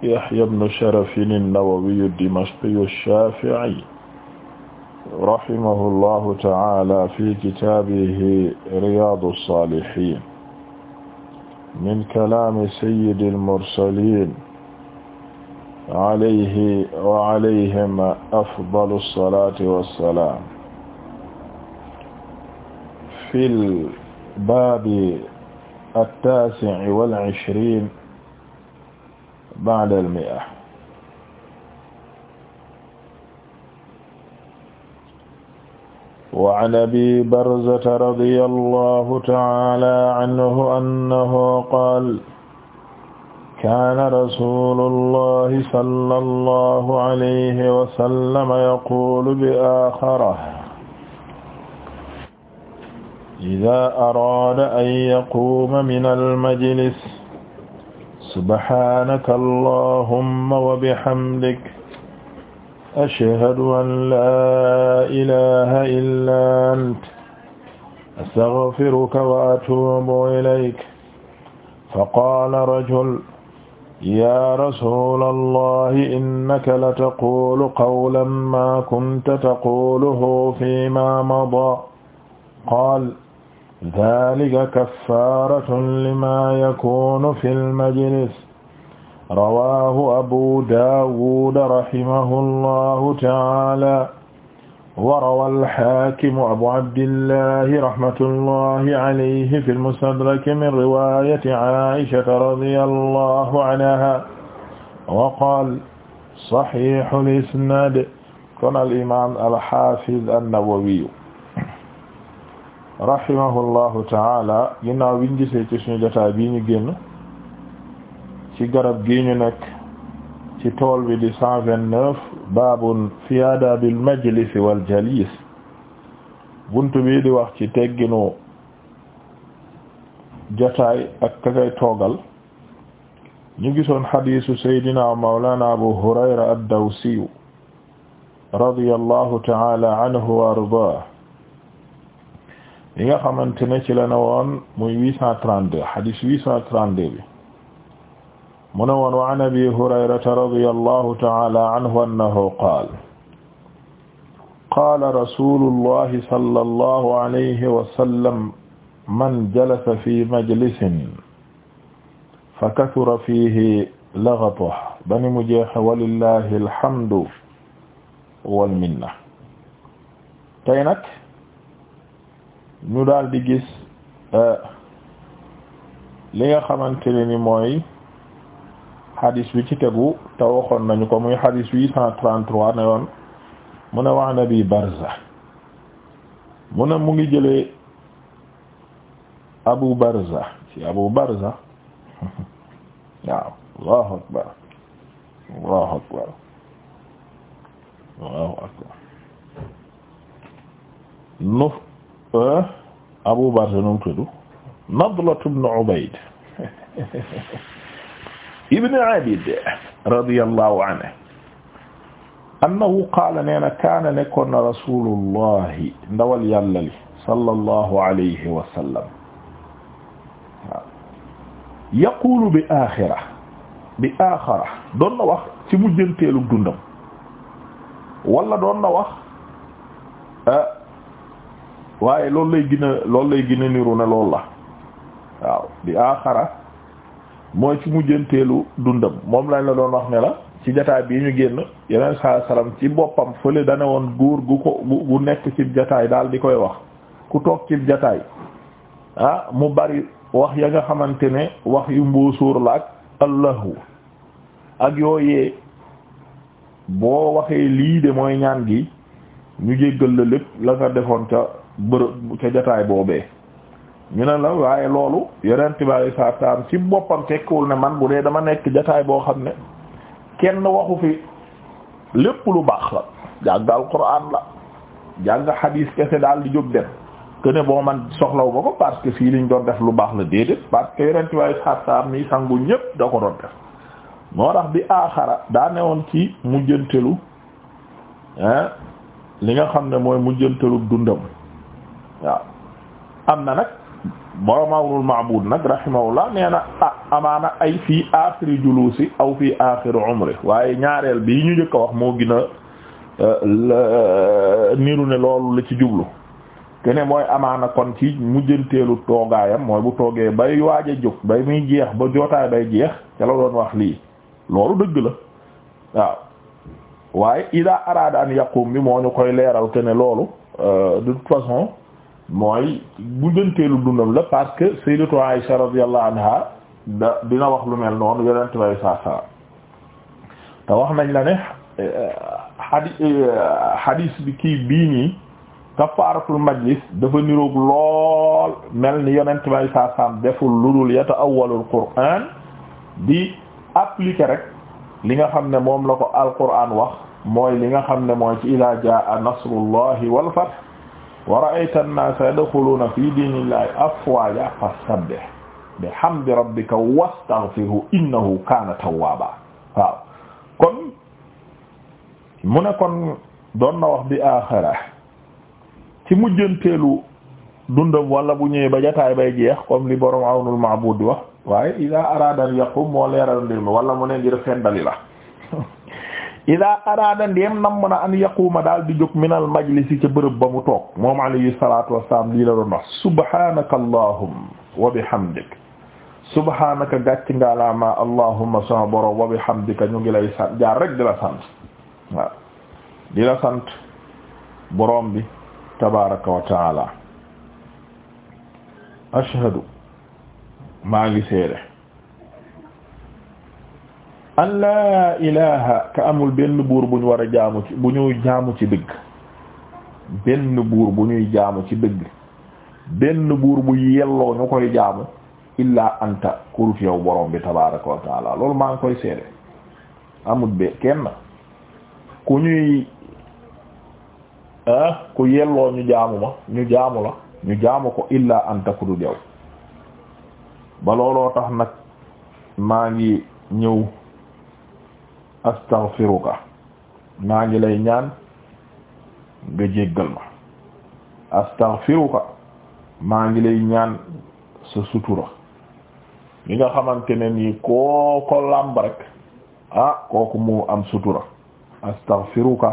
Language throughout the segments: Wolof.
Yahya ibn Sharaf an-Nawawi ad-Dimashqi ash-Shafi'i rahimahullahu ta'ala fi kitaabihi Riyaadu s-Saalihiin min kalaami sayyidil mursaliin alayhi wa alayhim afdalu s-salaati wa s-salaam fil baabi at-taasi' wal ishriin ba'da al-mi'a wa 'an abi barzata radiyallahu ta'ala anhu annahu qaala kaana rasuulullahi sallallahu alayhi wa sallam yaquulu bi aaxarihi izaa araada an yaquuma minal majlis subhaanaka allahumma wa bihamdik ashhadu an laa ilaaha illaa anta astaghfiruka wa atuubu ilayk faqaala rajul yaa rasuula allahi innaka lataquulu qawlan maa kunta taquuluhu fiimaa madaa qaala dalika kaffaratun lima yakunu fil majlis rawaahu abu daawuda rahimahullahu ta'aala wa rawal haakimu abu abdillahi rahmatullahi alayhi fil mustadrak min riwaayati aa'ishata radiyallahu anhaa wa qaala sahiihul isnaad kon al imaam al haafiz an-nawawi rahimahullahu taala ginnaaw biñ gisee ci suñu jotaay bii ñu génn ci garab gi ñu nekk ci tool bi di cent vingt-neuf baabun fi aadabil majlis wal jalis bunt bi di wax ci tegginu jotaay ak ka toogal ñu gisoon xadiisu saydina mawlana abu hurayra ad-dawsiyu radiyallahu anhu wa ardaah yi nga xamante ne ci la ne woon muy 832 hadis 832 bi mu ne woon wa an abi hurayrata radiyallahu ta'ala anhu annahu qaala qaala rasulullahi sallallahu alayhi wa sallam man jalasa fi majlisin fa kathura fiihi laghatuhu bani mu jeex walillahi alhamdu wal minna tey nag ñu daldi di gis euh, li nga xamante ne ni mooy xadis bi ci tegu te waxoon nañu ko muy xadis huit cent trente-trois ne woon mu ne wax na bi Barza mu ne mu ngi jëlee Abu Barza ci Abu Barza waaw Allahu akbar Allahu akbar Allahu akbar Abu Barza nu mu tudd Nadlatu ibn Ubayd ibn Abid radiyallahu anhu annahu qaala nee na kaana nekkoon na rasulullahi ndawal yàlla li sallallahu alayhi wa sallam waaw yaquulu bi axira bi axara doon na wax ci mujjanteelu dundam wala doon na wax waaye loolu lay gën loolu lay gën niru na loolu la waaw di aaxara mooy ci mujjanteelu dundam moom lañ la doon wax ne la ci jataay bii ñu génn yeneen saa salaam ci boppam fële dane woon góor gu ko gu nekk ci jataay daal di koy wax ku toog ci jataay ah mu bari wax ya nga xamante ne wax yu mbuusuur la ak allahu ak yooyee boo waxee lii de mooy ñaan gi ñu jéggal la lépp la nga defoon ca bërëb ca jotaay boobee ñu ne la waaye loolu yonent bi saa saam ci boppam tekkiwul ne man bu dee dama nekk jataay boo xam ne kenn waxu fi lépp lu baax la jàng alquran la jàng xadiis kese daal di jóg dem que ne boo man soxlaw ba ko parce que fii liñ doon def lu baax la déedéet parce que yonent bi saa mii nii sangu ñépp da ko doon def moo tax bi aaxara daa newoon ci mujjantelu li nga xam ne mooy mujjantelu dundam. waaw am na nag borom awrul maabud nag rahimahullah nee na ah amaana ay fii aaxiri juluusi aw fii aaxiri umri waaye ñaareel bi ñu njëkk a wax moo gën a euh, niru ne loolu la ci jublu kene mooy amaana kon ci mujjanteelu toogaayam mooy bu toogee bay waaj jóg bay muy jeex ba jootaay bay jeex ca la doon wax lii loolu dëgg la waaw waaye ida araada an yaqum bi moo ñu koy leeral ke loolu euh, de toute façon mooy mujjanteelu dundam la parce que sayyidatu Aisha radiyallahu anha da dina wax lu mel noonu yonent bay saa saa te wax nañ la ne xadi eh, xadiis eh, bi kii bii nii kafaaratul majlis dafa niroog lool mel ni yonent bay saa saa deful lu dul yata awwalul qur'aan di appliquer rek li nga xam ne moom la ko al qur'aan wax mooy li nga xam ne mooy ci idaa jaa nasrullahi wal fath wa ra'ayta an-naasa yadkhuluuna fii diinillaahi afwaaja fasabbih bihamdi rabbika wastaghfirhu innahu kaana tawwaaba waaw kon mu ne kon doon na wax bi aaxira ci mujjanteelu dundam wala bu ñëwee ba jotaay bay jeex comme li borom awnul ma'buud di wax waaye idaa araada an yaqum moo leeral mbir mi wala mu ne ngir fendali la ida araada ndéem nam mën a an yaquuma daal di jóg minal majlisi ca bërëb ba mu toog moom alayhi salatu wasalaam lii la doon wax subhanaka allahum wa bihamdik subhanaka gàcc nga la ma allahumma sama borom wa bihamdika ñu ngi lay sant jaar rek di la sant waaw di la sant borom bi tabaraka wa taala ashhadu maa ngi seede an laa ka amul benn buur bu ñu war a jaamu ci bu ñuy jaamu ci dëgg benn buur bu ñuy jaamu ci dëgg benn buur bu yelloo ñu koy jaamu illaa anta kurut yow borom bi tabaraka wa loolu maa ngi koy seede amul be kenn ku ñuy ah ku yelloo ñu jaamu ma ñu jaamu la ñu jaamu ko illaa anta kurut yow ba looloo tax nag maa ngi ñëw astaghfiruka maa lay ñaan nga jéggal ma astaghfiruka maa ngi lay ñaan sa sutura li nga xamante ne nii koo ko làmb rek ah kooku mu am sutura astaghfiruka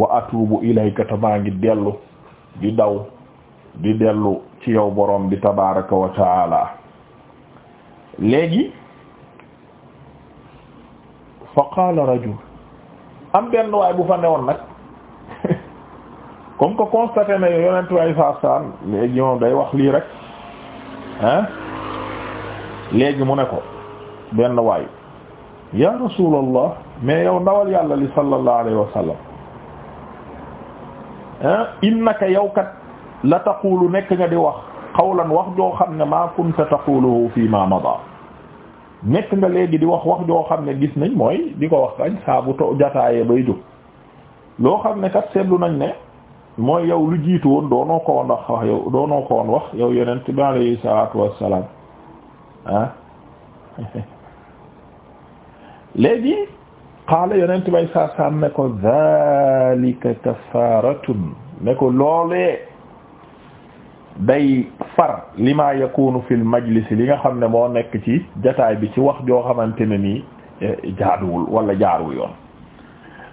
wa atubu ilayka te maa ngi dellu di daw di dellu ci yow borom bi tabaraka wa taala léegi fa qaala rajul am benn waay bu fa newoon nag comme que constaté na yonent waay saa saan léegi moom day wax lii rek ah léegi mu ne ko benn waay ya rasulallah mais yow ndawal yàlla li sallallahu alayhi wa sallam ah innaka yow kat la taqulu nekk nga di wax qawlan wax joo xam ne ma kunta taquluhu fi mada nekk nga léegi di wax wax joo xam ne gis nañ mooy di ko wax kañ saa to jataayee bay jóg loo xam ne kat seetlu nañ ne mooy yow lu jiitu woon doonoo ko woon wax wax yow doonoo ko woon wax yow yonent bi alayhi ah. léegi xaala yonent bay saa saam ne ko zalika kafaratun ne ko loolee day far li ma yakunu fil li nga xam ne moo nekk ci jataay bi ci wax joo xamante ne nii eh, jaaduwul wala jaarul yoon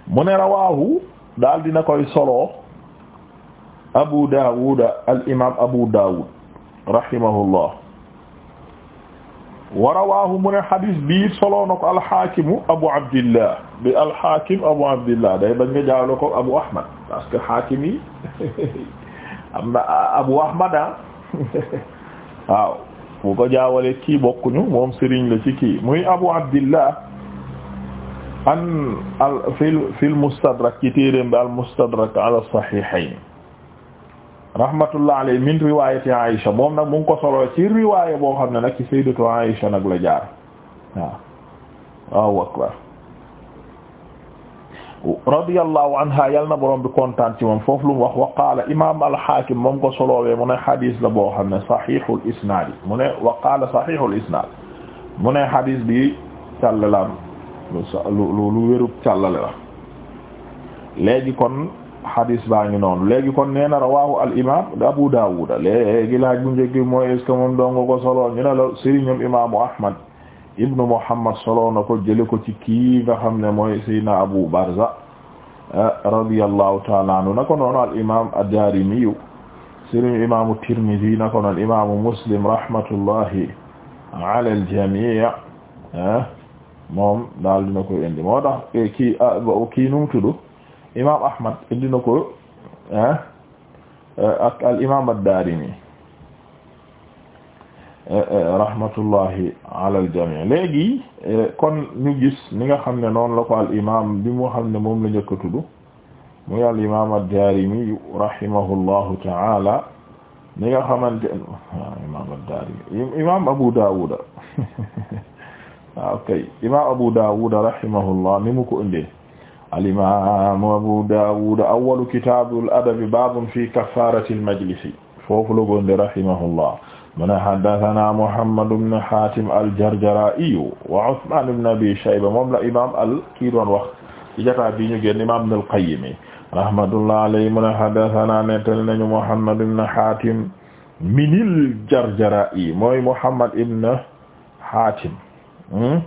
mu ne rawaahu daal dina koy solo abu daawud al imaam abu daawud rahimahullah wa rawaahu mu ne xadis bii solo na ko alxaakimu abu abdillah bi alxaakim abu abdillah ko abu ahmad parce que xaakim am na Abu Ahmad ah. waaw bu ko jaawale kii bokkuñu moom sëriñ la ci kii muy Abu Abdillah an al fil fil mustadrak ci téeréem bi al mustadrak ala sahihayn rahmatullah alayhi min riwayati Aïcha moom nag mu ngi ko solo ci riwaaya boo xam ne nag ci sayyidatu Aïcha nag la jaar waaw waaw akbar radiyallahu anha yal na borom bi kontaan ci moom foofu lu wax wa qaala imaam al-Haakim moom ko soloowee mu ne xadis la boo xam ne saxiixul isnaad mu ne wa qaala saxiixul isnaad mu ne xadis bi lu lu wérub càllale la léegi kon xadis baa ngi noonu léegi kon nee na rawaahu al imaam Abu Daawuda léegi laaj bu njëkk mooy est-ce que moom dong ko ñu ne Ahmad ibnu Muhammad solo na ko jële ko ci kii nga xam ne mooy Seydina Abu Barza eh, radiyallahu ta'ala anhu na ko noonu al imam ad-Daarimiyu sëriñ imaamu Tirmidi na ko noonu imaamu Muslim rahmatullahi al-jamii' eh, moom daal dina ko indi moo eh, mu tudd imaam Ahmad indi ko ak al imam ad-Daarimi Eh, eh, rahmatullahi ala aljamii léegi eh, kon ñu gis ni nga xam ne noonu la al imam bi mu xam ne moom la njëkk a tudd muy al imam ad-Daarimi rahimahullahu taala ni nga xamante ah, imam ad imam Abu Daawuda ah, imam Abu Daawuda rahimahullah ni mu ko indee al imam Abu Daawuda awwalu kitaabul adabi baabun fi kaffaaratil majlisi foofu la ko indee mu ne haddathana Muhammad ibn Hatim al-Jarjara'i wa Uthman ibn Abi Shayba moom la imam al kii doon wax ci jotaay bi ñu génn imam Ibn al-Qayyim rahmatullah alayhi mu ne haddathana nettali nañu Muhammad ibn Hatim min al-Jarjara'i mooy Muhammad ibn Hatim hmm?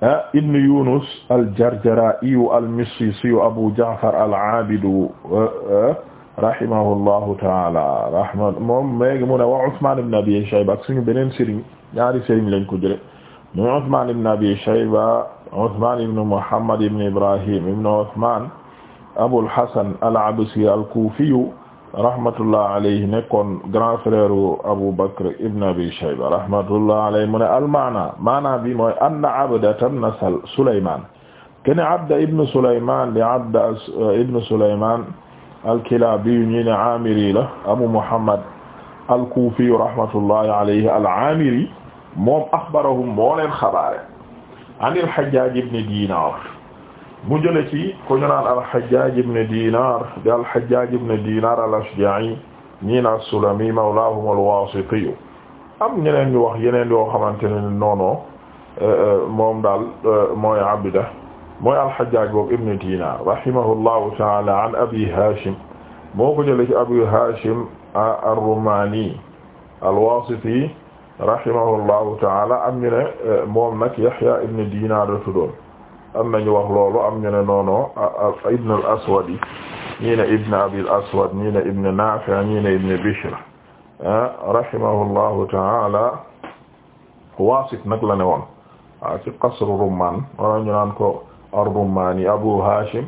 eh, ibn Yunus al-Jarjara'i al-Missisi Abu Ja'far al-Abid eh, eh? rahimahullahu taala rahma moom léegi mu ne wa Usman ibn Abi Shayba ak suñu beneen sëriñ ñaari sëriñ lañ ko jële muy Usman ibn Abi Shayba Usman ibn Muhammad ibn Ibrahim ibn Usman Abul Hasan al-Absi al-Kufi rahmatullah alayhi nekkoon grand frère Abu Bakr ibn Abi Shayba rahmatullah alayhi mu ne al-maana maana bi mooy anna abda ibn Sulaiman kana abda ibn Sulaiman li abda ibn Sulaiman alkilabi yu ñi ne amiri la abu muhammad alkufi rahmatullahi alayhi alamiri moom axbarahum moo leen xabaare an al-Hajjaj ibn Dinar mu jële ci ku ñu naan al-Hajjaj ibn Dinar di al-Hajjaj ibn Dinar al-Ashja'i ñii na as-Sulami mawlahum al-Wasiti am ñeneen ñu wax yeneen yoo xamante ne noonu eh, eh, moom daal eh, mooy abida mooy al-Hajjaj boobu ibn Dinar rahimahullahu ta'ala an Abi Hashim moo ko jëlee ci Abi Hashim ar-Rumani al-Wasiti rahimahullahu ta'ala am ñu ne eh, moom nag Yahya ibn Dinar la tuddoon am nañu wax loolu am ñu ne noono ibn al-Aswad yi ñii ne ibn Abi al-Aswad ñii ne ibn Nafi' ñii ne ibn Bishr ah, rahimahullahu ta'ala waasit nag la ne woon waaw ah, ci qasru Rumman wala ñu naan ko ar-Rummaani Abu Haashim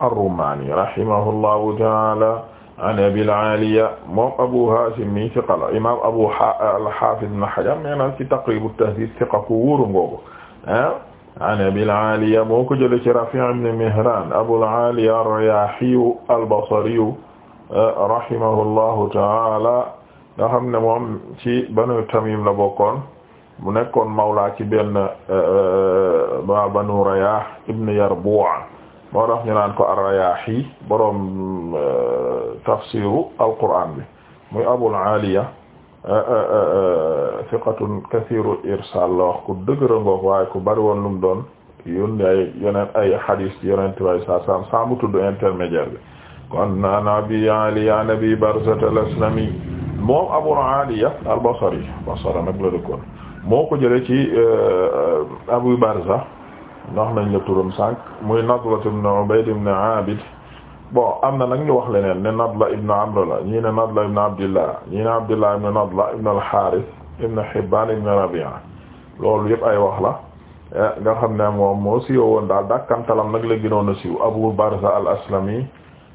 ar-Rummaani rahimahullahu ta'aala an Abil Aaliya moom Abu Haashim mi siqa la imaam Abu al-Haafiz Ibn Hajar nee na ci Taqriib at-Tahziib siqa ku wóor ngoogu ah an Abil Aaliya moo ko jëlee ci Rafi' ibn Mihraan Abul Aaliya ar-Riyaahiyu al-Basriyu rahimahullahu ta'aala nga xam ne moom ci Banu Tamiim la bokkoon mu nekkoon mawla ci benn ba eh, eh, banu Rayah ibn Yarbu' moo tax ñu naan ko ar-Rayahi boroom eh, tafsiru al-Qur'an bi muy Abul Aliya thiqatun kathiru irsal la wax ku dëgëra ngoog waaye ku bari woon lu mu doon yónni ay yeneen ay hadith yonent way sa kon an Abi Aliya an Abi Barzata al-Aslami moom Abul Aliya al-Basri Basra nag la moo ko jëlee ci euh, Abu Barza wax nañ la turam sànq muy Nadla ibn Ubayd ibn Abid bon am na nag ñu wax leneen ne Nadla ibn Amr la ñii ne Nadla ibn Abdillah ñii ne Abdillah ibn Nadla ibn al-Harith ibn Hibban ibn Rabi'a loolu yëpp ay wax la eh, nga xam ne moom moo siiw woon daal dàkkantalam nag la gënoon a siiw Abu Barza al-Aslami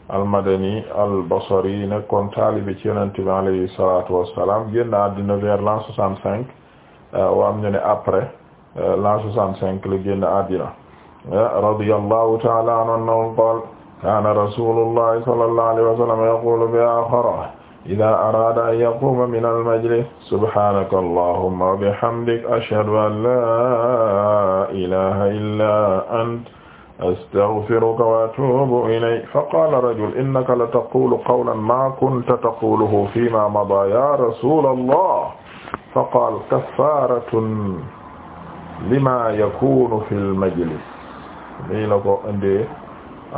al-Madani al-Basri nekkoon taalibi ci Yonent bi alayhi salaatu wa salaam génn àddina vers l'an 65. Euh, waam ñu ne après euh, l'an soixante-cinq la génn àddina euh, radiyallahu ta'ala anhu qala kana rasulullahi sallallahu alayhi wa sallam yaqulu bi akhara idha arada an yaquma min al-majlis subhanaka allahumma wa bihamdik ashhadu an la ilaha illa anta astaghfiruka wa atubu ilayk faqala rajul innaka la taqulu qawlan ma kunta taquluhu fima mada ya rasulallah fa qaal kaffaratun lima yakunu fi lmajlis nii la ko indee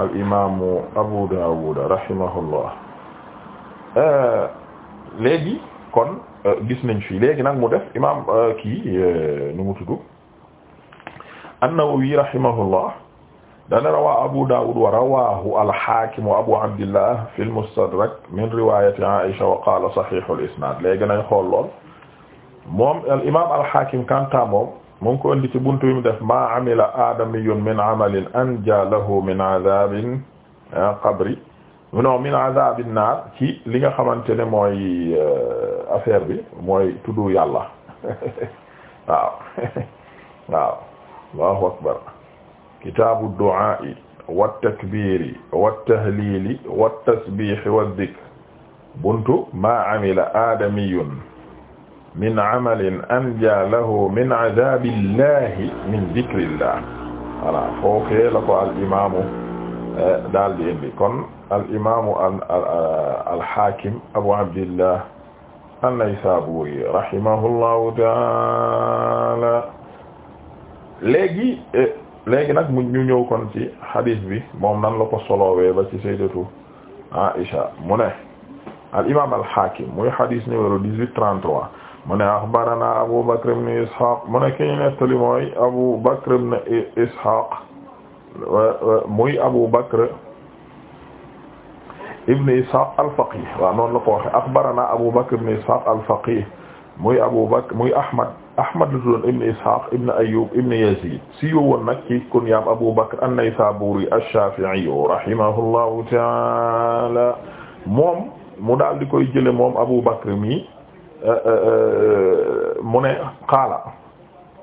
al imaamu Abu Dawud rahimahullah euh, léegi kon euh, gis nañ fi léegi nag mu def imaam euh, kii nu mu tudd an-Nawawi rahimahullah dana rawaa Abu Dawud wa rawaahu al-Hakim wa Abu Abdillah fi al-Mustadrak min riwaayati Aisha wa qaala sahihul isnaad léegi nañ xool lool moom al imaam al hakim kanta moom mu ngi ko indi ci buntu bi mu def ma amila aadamiyun min amalin anja lahu min adabin ah, qabri non min adabin naar ci li nga xamante ne mooy euh, affaire bi mooy tuddu yàlla waaw waaw allahu akbar kitaabu du'aa'i wattakbiiri wattahlili wattasbiihi wadhikri buntu ma amila aadamiyun min amalin anja lahu min adabillahi min dikrillah voilà foofee la ko al imaamu eh, daal di indi kon al imaamu al hakim abu abdillah an-Naysaburi rahimahullahu taala léegi eh, léegi nag mu ñu ñëw kon ci hadis bi moom nan la ko solowee ba ci sayyidatu Aisha mu ne al imaam al hakim muy hadis numéro 1833 mu ne axbarana Abu Bakr ibn Ishaq mu ne ki ñu nettali mooy Abu Bakr ibn Ishaq muy Abu Bakr ibn Ishaq al-Faqih waaw noonu la ko waxe axbarana Abu Bakr ibn Ishaq al-Faqih muy Abu Bakr muy Ahmad Ahmad la tuddoon ibn Ishaq ibn Ayyub ibn Yazid si woon nag ci kunyaam Abu Bakr an-Naysaburi ash-Shafi'i rahimahullahu ta'ala moom mu daal di koy jële moom Abu Bakr mi Euh, euh, euh, mu ne qaala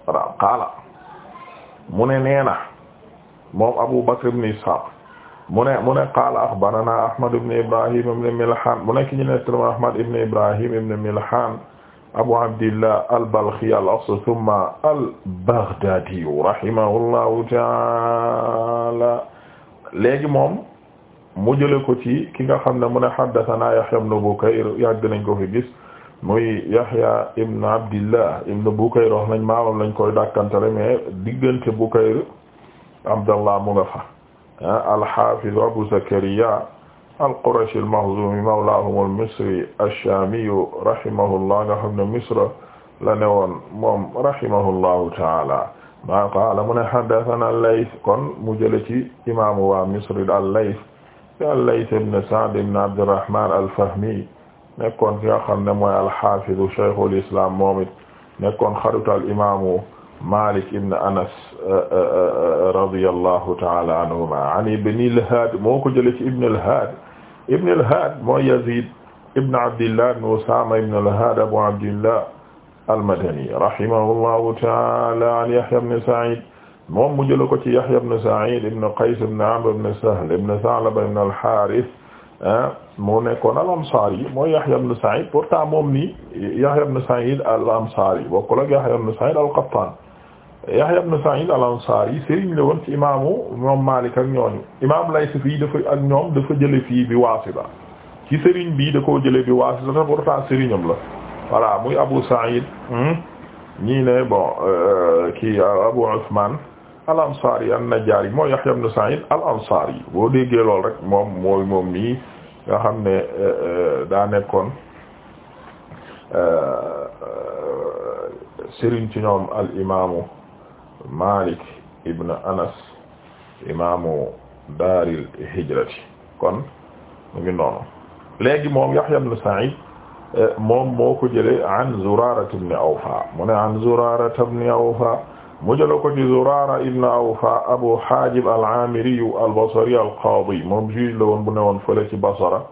waaw qaala mu ne neena moom Abu Bakr ibn Ishaq mu ne mu ne qaala axbarana Ahmad ibn Ibrahim ibn Milhan mu ne ki ñu nettali Ahmad ibn Ibrahim ibn Milhan Abu Abdillah al-Balkhi al-asl thumma al-Baghdadi rahimahullahu ta'ala léegi moom mu jële ko ci ki nga xam ne mu ne haddathana Yahya ibn Bukayr yàgg nañ ko fi gis muy Yahya ibn Abdillah ibn Bukayr wax nañ maamam lañ koy dàkkantale mais diggante Bukayr Abdallah mu nga fa ah, al-Hafiz Abu Zakariya al-Qurashi al-Makhzumi mawlahum al-Misri ash-Shami rahimahullah nga xam ne Misra la newoon moom rahimahullahu ta'ala ma qaala mu ne haddathana al-Layth kon mu jële ci imaamu waa Misr al-Layth al-Layth ibn Sa'd ibn Abd al-Rahman al-Fahmi nekkoon ki nga xam ne mooy alxafidu cheikhul islam moom it nekkoon xaritu al imaamu Malik ibn Anas eh, eh, eh, radiyallahu ta'ala anhuma an ibn al-Had moo ko jëlee ci ibn al-Had ibn al-Had mooy Yazid ibn Abdillah ibn Usama ibn al-Had Abu Abdillah al-Madani rahimahullahu ta'ala an Yahya ibn Sa'id moom mu jëlee ko ci Yahya ibn Sa'id ibn Qays ibn Amr ibn Sahl ibn Tha'laba ibn al-Harith moo nekkoon al ansaari mooy Yahya ibn Sa'id pourtant moom nii Yahya ibn Sa'id al ansaari bokkul ak Yahya ibn Sa'id al Qattaan Yahya ibn Sa'id al ansaari sëriñ la woon ci imaamu ñoom Maalik ak ñooñu imaam Layth fii dafa ak ñoom dafa jële fii bi Waasita ci sëriñ bii da koo jële bi Waasita te pourtant sëriñam la voilà muy Abu Sa'id hmm? ñii ne bon euh, kii Abu Usmaan al ansaari an-Najjaari mooy Yahya ibn Sa'id al ansaari boo déggee lool rek moom mooy moom nii nga xam ne euh, euh, daa nekkoon euh, sëriñ ci ñoom al imaamu Malik ibn Anas imaamu daaril hijrati kon mu ngi noonu léegi moom Yahya ibn Sa'id moom moo ko jëlee an Zurarata ibn Awfa mu ne an Zurarata ibn Awfa mu jëla ko ci Zurara ibn Awfa Abu Hajib al-Amiri al-Basri al-Qadi moom juge la woon bu newoon fële ci Basra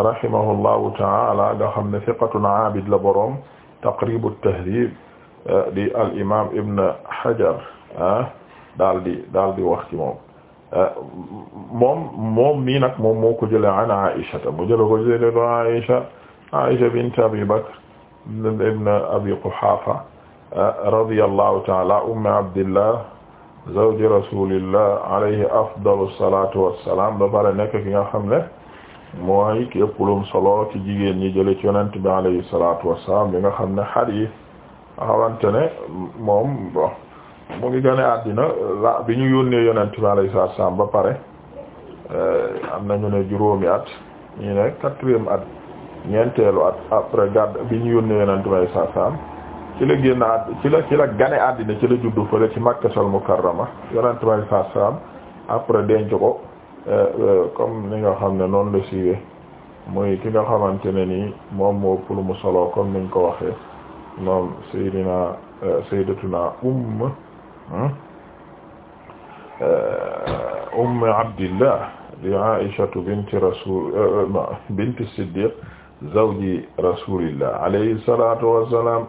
rahimahullahu ta'ala nga xam ne thiqatun abid la boroom Taqrib at-Tahdhib di al-imam Ibn Hajar ah, daal di daal di wax ci moom moom moom mii nag moom moo ko jële an Aisha mu jëla ko jële Aisha Aisha bint Abi Bakr ibn Abi Quhafa radiyallahu ta'ala ummi abdillah zawji rasulillah alayhi afdalu salatu wassalam ba pare nekk ki nga xam ne mooy ki ëpp lum solo ci jigéen ñi jële ci yonent bi alayhi salatu wassalam bi nga xam ne hadith xamante ne moom bon mu ngi gane àddina la bi ñu yónnee yonent bi alayhi salatu wassalam ba pare eh, am nañu ne juróomi at ñu ne quatrième at ñeenteelu at après gàdd bi ñu yónnee yonent bi alayhi salatu wassalam ci la génn àdd ci la ci gane àddina ci la juddu fële ci Makkatal Mukarrama yonent bi saa salaam après denc ko euh, euh, comme ni nga xam ne noonu la siiwee mooy ki nga xamante ne nii moom moo pour mu solo comme niñ ko waxee moom Seydina euh, Sayyidatuna Umm hmm? Umm Abdillah di Aïshatu binti rasul binti Siddiq zawji rasulillah alayhi salatu wassalam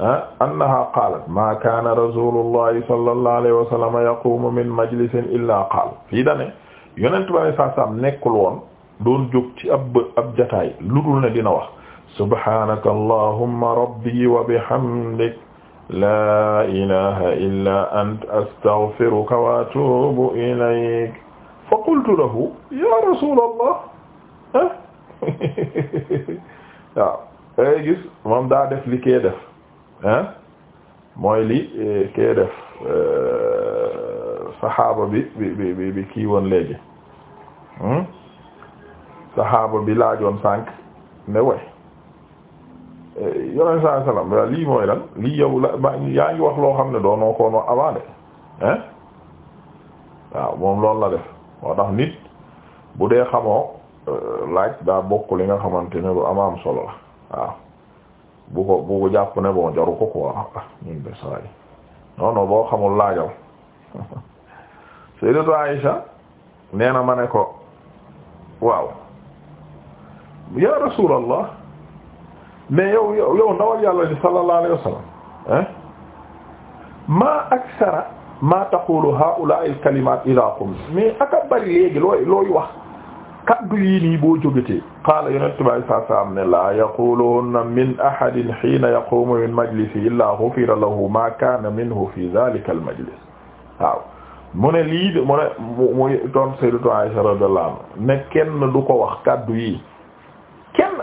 Ah, annaha qaalat ma kaana rasulullahi sallallahu alayhi wa sallam yaqumu min majlisin illa qaal fii dane yonent bi alei saat selaam nekkul woon doon jóg ci ab ab jataay lu dul ne dina wax subhanaka allahumma rabbi wa bihamdik laa ilaha illa ant astaghfiruka wa atubu ilayk fa qultu lahu ya rasulallah ah waaw gis moom daa def li kee def ah mooy li eh, kee def eh, saxaaba bi bi bi bi kii woon léegi hmm? saxaaba bi laajoon sànq ne way yoneen saa salaam waaw lii mooy lan lii yow la yaa ngi wax loo xam ne doonoo koon wax avant de waaw moom loolu la def moo tax nit bu dee xamoo eh, laaj daa bokk li nga xamante ne lu am solo la waaw bu ko bu ko jàpp ne bon jaru ko quoi ñun de saa yi non boo xamul laajal Sayyidatu Aisha nee na ma ne ko waaw ya Rasulallah mais yow yow yow ndawal yàlla ni sallallahu alayhi wa sallam ah maa aksara maa taqulu al-kalimaat idaa qumti mais aka bari léegi looy looy kaddu yii nii boo jógatee qaala yonente bay saa saam ne laa yaquluhunna min ahadin hiina yaqumu min majlisi illaa ghufira lahu ma kaana minhu fi dhalika al waaw mu ne lii mu ne muy doon sayyidatu Aisha radiyallahu anha ne kenn du ko wax kaddu yii kenn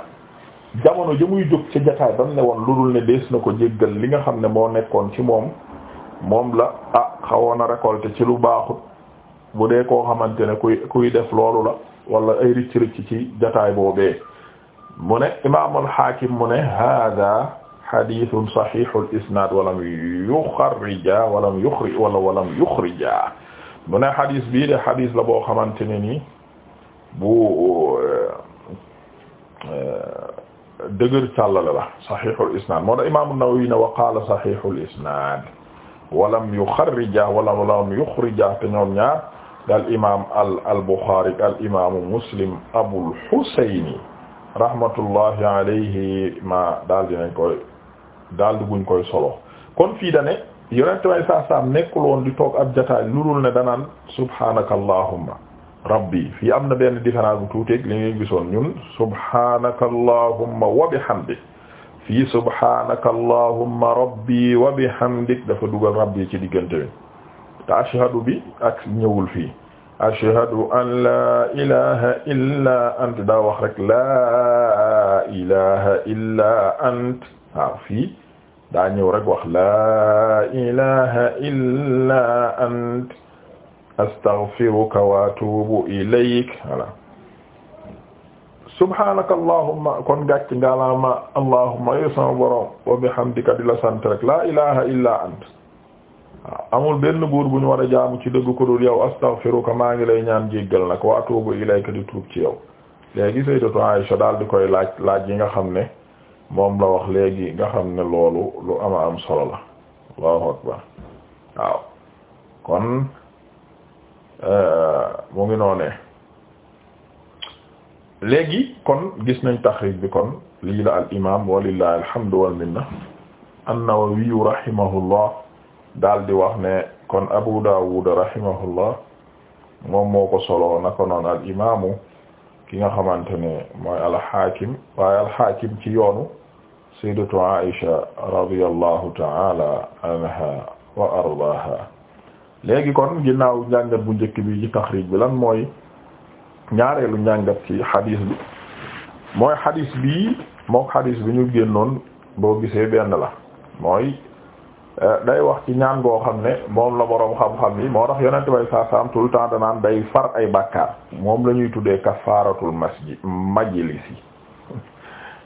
jamono ja muy jóg ca jataay ba ne woon lu dul ne dees na ko jéggal li nga xam ne moo nekkoon ci moom moom la ah xawoon a récolté ci lu baaxut bu dee koo xamante ne kuy kuy def loolu la wala ay ricc ricc ci jataay boobee mu ne imaamul Haakim mu ne hada xadiisun saxiixul isnaad walam yuxrija walam yuxri wala walam yuxrija mu ne xadis bii de xadis la boo xamante ne ni bu eh, dëgër càllale la saxiixul isnaad moo tax imaamu Nawawi ne wa qaala saxiixul isnaad walam yuxrija wala walam yuxrija te ñoom ñaar. al imaam al al Buxaari al imaamu Muslim Abul Husayni rahmatullahi alayhi ma daal dinañ koy daal guñ koy solo kon fii da ne yonent way saa saam nekkul di toog ab jataay lu dul ne danaan subhaanaka allahumma rabbi fii am na benn différence bu tuuteeg li ngay gisoon ñun subhaanaka allahumma wa bihamdik fii subhaanaka allahumma rabbi wa bihamdik dafa dugal rabbi ci diggante wi te ashhadu bi ak ñëwul fii ashhadu an laa ilaha illa ant daa wax rek laa ilaha illa ant waaw fii daa ñëw rek wax laa ilaha illa ant astaghfiruka wa atubu ilayk voilà subhanaka allahumma kon gàcc ngalaama allahumma yow sama borom wa bihamdika di la sant rek laa ilaha illa ant amul benn buur bu ñu war a jaamu ci dëgg ko dul yow astaghfiruka maa ngi lay ñaan jéggal nag wa atubu ilayka di tuub ci yow léegi sayyidatu Aisha daal di koy laaj laaj yi nga xam ne moom la wax léegi nga xam ne loolu lu ama am solo la Allahu akbar waaw kon euh, mu ngi noonee léegi kon gis nañ taxrij bi kon lii la al imaam walillahi alhamdu wal minna an-Nawawi rahimahullah daal di wax ne kon Abu Dawud rahimahullah moom moo ko solo nako noon al imaamu ki nga xamante ne mooy alxaakim waaye alxaakim ci yoonu sayyidatu Aisha radiyallahu ta'ala anha wa ardaha léegi kon ginnaaw njàngat bu njëkk bi ci taxrij bi lan mooy ñaareelu njàngat ci xadis bi mooy xadiis bii mook xadis bi ñu génnoon boo gisee benn la mooy Euh, day wax ci ñaan goo xam ne moom la boroom xam-xam yi moo tax yonent bay saa saam tout le temps danaan day far ay bàkkaar moom la ñuy tuddee kafaaratul masjid majlisi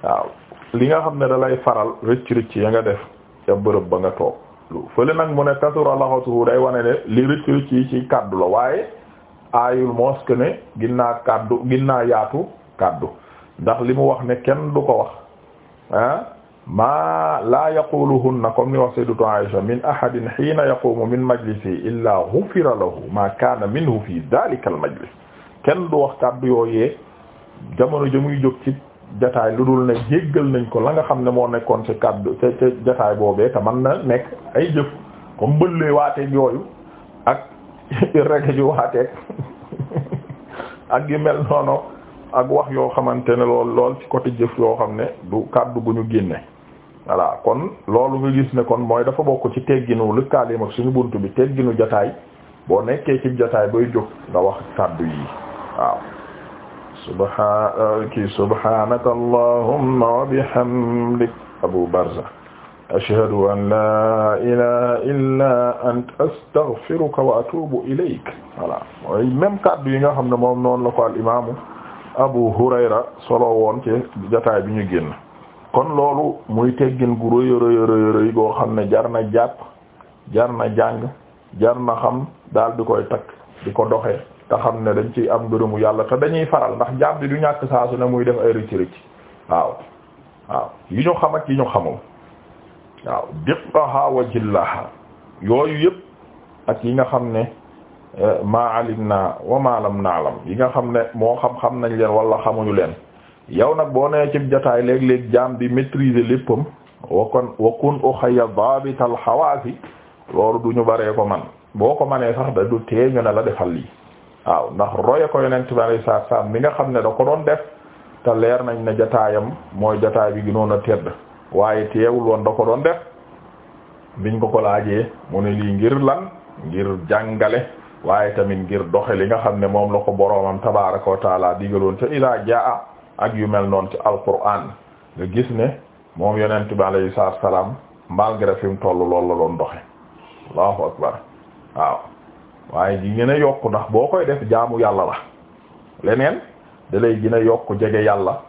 waaw li nga xam ne da lay faral rëcc rëcc ya nga def ca bërëb ba nga toog lu fële nag mu ne kasura laxatuhu day wane li rëcc rëcc yi ci kaddu la waaye aayul moos que ne ginnaa kàddu ginnaa yaatu kaddu ndax li mu wax ne kenn du ko wax maa laa yaquluhunna comme ni wax sayyidatu Aisha min ahadin hiina yaqumu min majlisi illaa ghufira lahu maa kaana minhu fi dhaalika al-majlis kenn du wax kàddu yooyee jamono ja muy jóg ci jataay lu dul ne jéggal nañ ko la nga xam ne moo nekkoon ci kàddu ca ca jataay boobee te mën na nekk ay jëf comme bëllee waateeg yooyu ak rege ji waateeg ak yu mel noonu ak wax yoo xamante ne lool lool ci côté jëf yoo xam ne du kàddu gu ñu génne voilà kon loolu nga gis ne kon mooy dafa bokk ci tegginu lëkkaaleem ak suñu bunt bi tegginu jotaay boo nekkee ci jotaay bay jóg nga wax kàddu yi waaw subhan euh, ki subhanaka abu barza ashhadu an la ilaha ant astaghfiruka wa atubu ilayk voilà mooy même yi nga xam ne moom noon la ko al abu hurayra solo ci jotaay bi ñu génn kon loolu muy teggin gu rëy rëy rëy goo xam ne jar na jàpp jar na jàng jar na xam daal di koy takk di ko doxee te xam ne dañ ciy am ngërëmu yàlla te dañuy faral ndax jàpp bi du ñàkk saa su ne muy def ay rëcc rëcc waaw waaw yi ñu xam ak yi ñu xamul waaw diqaha wa jillaha yooyu yëpp ak yi nga xam ne eh, ma alim naa wa ma lam na'lam yi nga xam ne moo xam-xam nañ leen wala xamuñu leen yow nag boo nee ci jataay léeg-léeg jaam bi maîtriser léppam wakon wakun uxaya dabital xawaasi loolu du ñu baree ko man boo ko manee sax da du tee ñu ne la defal lii waaw ndax roye ko yonent bi saa saa mi nga xam ne da ko doon def te leer nañ ne jataayam mooy jataay bi gënoon a tedd waaye teewul woon da ko doon def biñ ko ko laajee mu ne ngir lan ngir jàngale waaye tamit ngir doxe li nga xam ne moom la ko boroomam tabaaraka wa taala digaloon ca idaa ak yu mel noon ci alquran nga gis ne moom yonent bi alayhi salaam malgré fi mu toll loolu la doon doxe allahu akbar waaw waaye ji gën a yokk ndax boo koy def jaamu yàlla la leneen da lay gën a yokk jege yàlla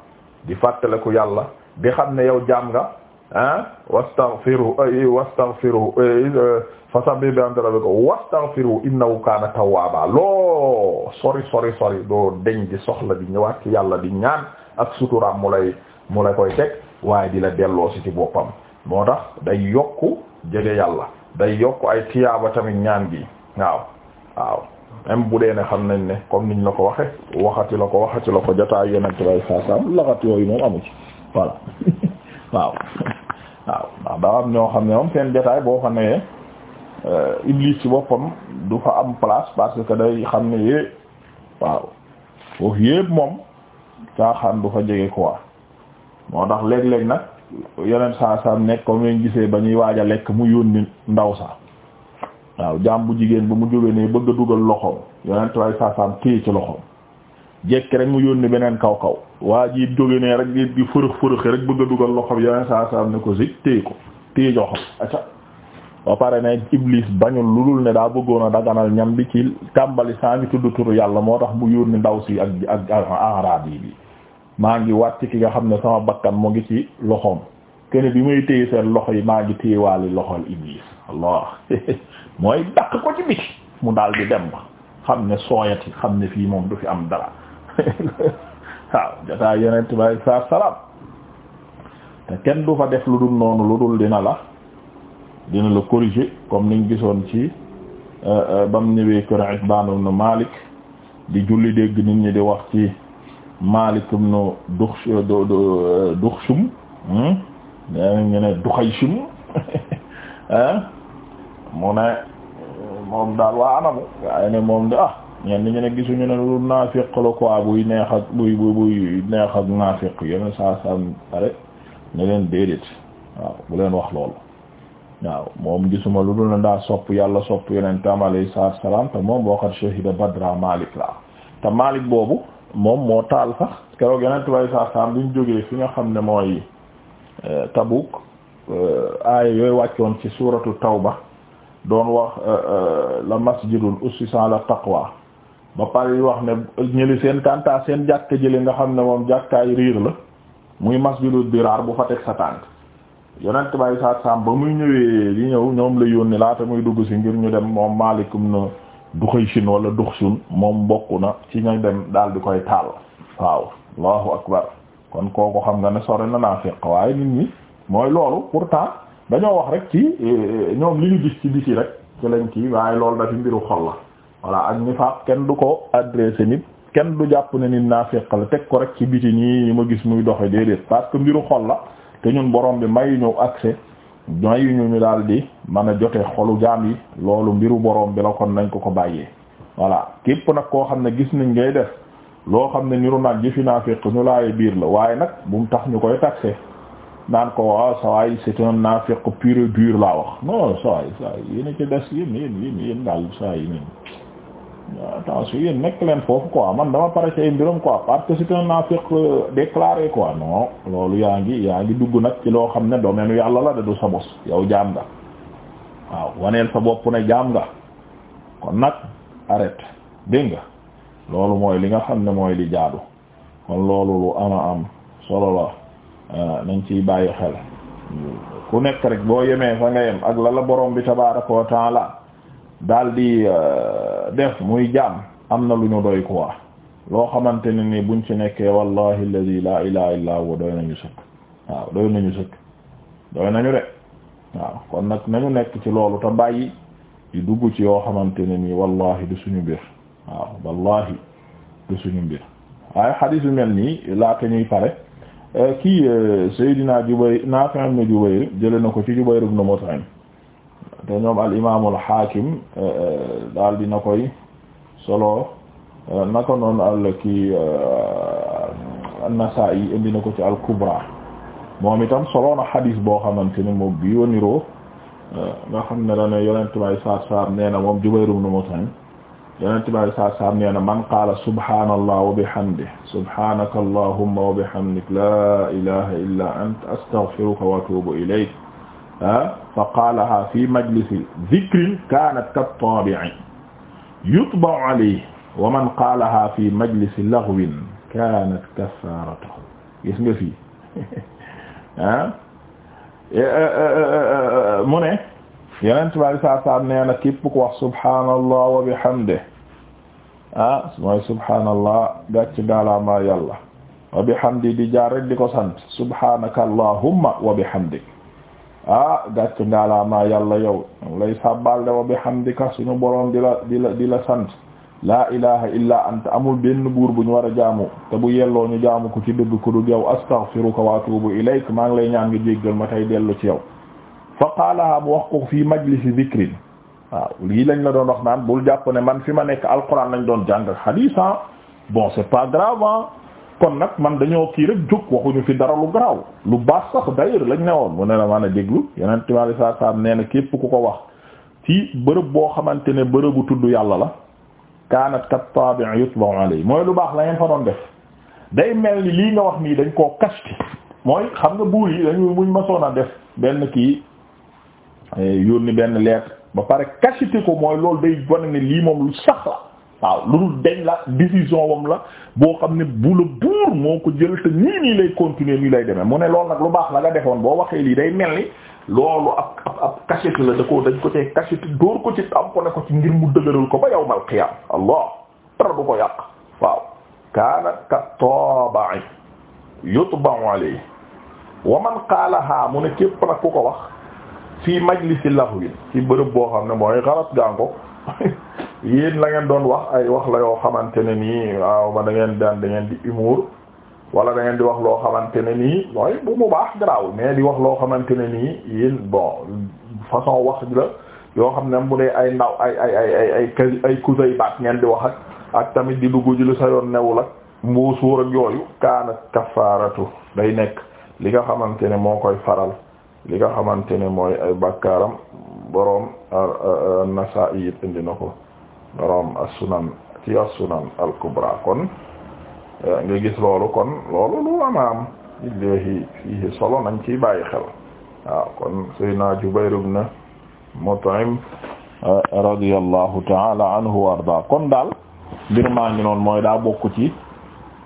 di fàttaliku yàlla di xam ne yow jaam nga ah wastaghfiru eh, eh, wastaghfiru eh, fasabbih bihamdi rabbika wastaghfiru innahu kaana tawwaaba loo sori sori sori doo deñ di soxla di ñëwaat ci yàlla di ñaan ak suturaam mu lay mu la koy teg waaye di la delloo si ci boppam moo tax day yokk jege yàlla day yokk ay tiyaaba tamit ñaan gi waaw waaw même bu dee ne xam nañ ne comme niñ la ko waxe waxati la ko waxati la ko jotaay yeneen tubaab yi laxat yooyu moom amu ci voilà waaw. waaw ndax daa am ñoo xam ne moom seen jotaay boo fa newee euh, iblis ci boppam du fa am place parce day xam ne yee waaw foofu yépp moom caaxaan du fa jege quoi moo tax léeg-léeg nag yeneen saa saa nekk comme ni gisee ba ñuy waaja lekk mu yónni ndaw sax waaw jaam bu jigéen bu mu jógee ne bëgg a dugal loxoom yeneen tubaab saa saa téye ci loxoom jekk rek mu yónni beneen kaw kaw waa ji jóge ne rek bi fërëx fërëxi rek bëgg a dugal loxo bi yoneen saa saa ne ko si téye ko téye joxam acca ba pare ne iblis bañul lulul ne daa bëggoon a daganal ñam bi ci tàmbali saa ngi tudd turu yàlla moo tax mu yónni ndaw si ak ak araab yi bi maa ngi wàcc ki nga xam ne sama bakkan mu ngi ci loxoom kene bi may téye seen loxo yi maa ngi téyewaali loxol iblis allah mooy daq ko ci biti mu daal di dem ba xam ne sooyati fii moom du fi am dara waaw jotaay yonent bi alayhi salaam te kenn du fa def lu dul noonu lu dul dina la dina la corriger comme niñ gisoon ci euh, euh, bam ñëwee kër Itbaan ibn Malik di julli dégg nit ñi di wax ci Malik ibn Duxsh euh, Duxshum hmm? ñu ne Duxayshum mu ne moom daal waa anamu waaye ne moom de ah ñenn ñu ne gisuñu ne lu naafiq la quoi buy neex ak buy buy buy neex ak naafiq yeneen saa saa pare ñu leen déedéet waaw bu leen wax loolu waaw moom gisuma lu dul na daa sopp yàlla sopp yonentam alayhi saa salaam te moom waqad shahida badra Malik la te Malik boobu moom moo taal sax keroog yonent bi alayhi salaatu salaam ñu jógee fi nga xam ne mooy euh, Tabuk euh, aaya yooyu wàccoon ci suuratu taw ba doon wax euh, la masjidun ussisa la taqwa ba pare wax ne ñëli seen kanta seen jàkka jële nga xam ne moom jàkkaay riir la muy masjidul diraar bu fa teg sa tànk yonent bay saat saam ba muy ñëwee di ñëw ñoom la yónni laata muy dugg si ngir ñu dem moom maalikum na duxaysin wala duxsun moom bokk na ci ñu dem daal di koy taal waaw allahu akbar kon kooku xam nga ne sore na naafiq waaye nit ñi mooy loolu pourtant dañoo wax rek ci eh, eh, ñoom li ñu gis ci biti rek ci kii waaye loolu dafi mbiru xol voilà ak nifaaq kenn du ko adressé nit kenn du jàpp ne nit naafiq la teg ko rek ci biti ñii ma gis muy doxe déedéet parce que mbiru xol la te ñun boroom bi mayu ñu accès mayu ñu ñu daal di mën jote xolu jaam yi loolu mbiru borom bi la kon nañ ko ko bàyyee voilà képp nag koo xam ne gis nañ ngay def loo xam ne niru naan jëfi naafiq ñu laaye biir la waaye nag bu mu tax ñu koy taxé naan ko waaw ah, sawaay c'est un naafiq pur et dur laa wax non sawaay sawaay yéena yéen yéen yéen yéen daal sawaay attention yéen nekk leen foofu ko man dama pare ci ay mbiram quoi parce que c'est un naafiq déclaré quoi loolu yaa ngi yaa ngi dugg nag ci loo xam ne domaine yàlla la da du sa bos yow jaam nga waaw waneel sa bopp ne jaam nga kon nag arrête dégg nga loolu mooy li nga xam ne mooy li jaadu kon loolu lu ama am solo la euh, nañ ciy bàyyi xel ku nekk rek boo yemee fa nga yem ak la la borom bi tabaaraka wa taala daal di euh, def muy jaam am na lu ñu doy quoi loo xamante ne ni buñ ci nekkee wallahi alladhi la ilaha illa huwa doy nañu sëkk waaw doy nañu sëkk doy nañu de waaw kon nag nañu nekk ci loolu te bàyyi di dugg ci yoo xamante ne ni wallahi du suñu mbir waaw wallahi du suñu mbir waaye xadiis yu mel nii laata ñuy pare euh, kii euh, Seydina Jubayr Naafi' ibn Jubayr jële na ko ci Jubayr ibn Mut'im te ñoom al na xaakim eh, eh, daal dina koy solo eh, naka noonu al kii an-Nasaa'i indi na ko ci al kubra moom itam solo na xadis boo xamante ni moom bii wa niroo nga xam ne dane saat saam nee na moom Jubayr man qaala subhaanallah wa bihamdik subhaanaka allahumma wa bihamdik laa ilaha illa ant astaghfiruka wa atubu ilayk Ah, fa qaalaha fi majlisi dhikrin kaanat kattaabi'i yutba'u alayhi wa man qaalaha fi majlisi laghwin kaanat kaffaaratuhu gis nga fii ah eh, eh, eh, mu ne yenent bi saa saa nee na képp ku wax subhaanallah wa bihamdihi ah mooy subhaanallah gàcc gaalaamaa yàlla wa bihamdihi di jaar rek di ko sant subhaanaka allahumma wa bihamdika ah gàcc ngaalaamaa yàlla yow lay sàbbal de wa bihamdika suñu boroom di la di la di la sant laa ilaha illa anta amul benn buur bu ñu war a jaamu te bu yelloo ñu jaamu ko ci dëgg ko du yow astaghfiruka wa atubu ilayk maa ngi lay ñaan nga jéggal ma tey dellu ci yow fa qaalaha mu wax ko fii majlisi zikrin waaw lii lañ la doon wax naan bul jàpp ne man fi ma nekk alquran lañ doon jàng ak hadith ah. bon c'est pas grave ah. kon nag man dañoo kii rek jóg waxuñu fi dara lu garaaw lu baax sax d'ailleurs lañ ne woon mu ne la man a déglu yeneen timaali saa saa nee na képp ku ko wax ci bërëb boo xamante ne bërëbu tudd yàlla la kaanat kat tabi'a yutba'u alayhi mooy lu baax la ngeen fa doon def day mel ni lii nga wax nii dañ koo kasti mooy xam nga buur yi dañu buñ masoon a def benn kii eh, yónni benn lettre ba pare kasti ko mooy loolu day wane ne lii moom lu sax la waaw lu dul deñ la décision wam la boo xam ne bu la buur moo ko jël te nii nii lay continuer nii lay demee mu ne loolu nag lu baax la nga defoon boo waxee lii day mel ni loolu ab ab ab cachette la da ko dañ ko cee cachette dóor ko ci tamponné ko ci ngir mu dëgëral ko ba yawmal qiyaam allah dara du ko yàq waaw kaana kat toobai yutba'u alayhi wa man qaalaha mu ne képp nag ku ko wax fii majlisi lahwin ci bërëb boo xam ne mooy xarat gaa ko yéen la ngeen doon wax ay wax la yoo xamante ne nii waaw ma dangeen daan dangeen di humour walla da ngeen di wax loo xamante ne nii mooy bu mu baax garaaw mais di wax loo xamante ne nii yéen bon façon wax la yoo xam ne bu dee ay ndaw ay ay ay ay ay ay ay kusay ngeen di wax ak ak tamit di dugg ji lu sa yoon newul ak mbuus wóor ak yooyu kaana kafaaratu day nekk li nga xamante ne moo koy faral li nga xamante ne mooy ay bakkaaram boroom Nasaa'i it indi na ko boroom as-Sunan ci as-Sunan al kon eh, nga gis loolu kon loolu lu amaam illahi fihi solo nañ ciy bàyyi xel waaw kon Seydina Jubayr ibn Mut'im eh, radiyallahu ta'ala anhu wa kon daal mbir maa ngi mooy daa bokk ci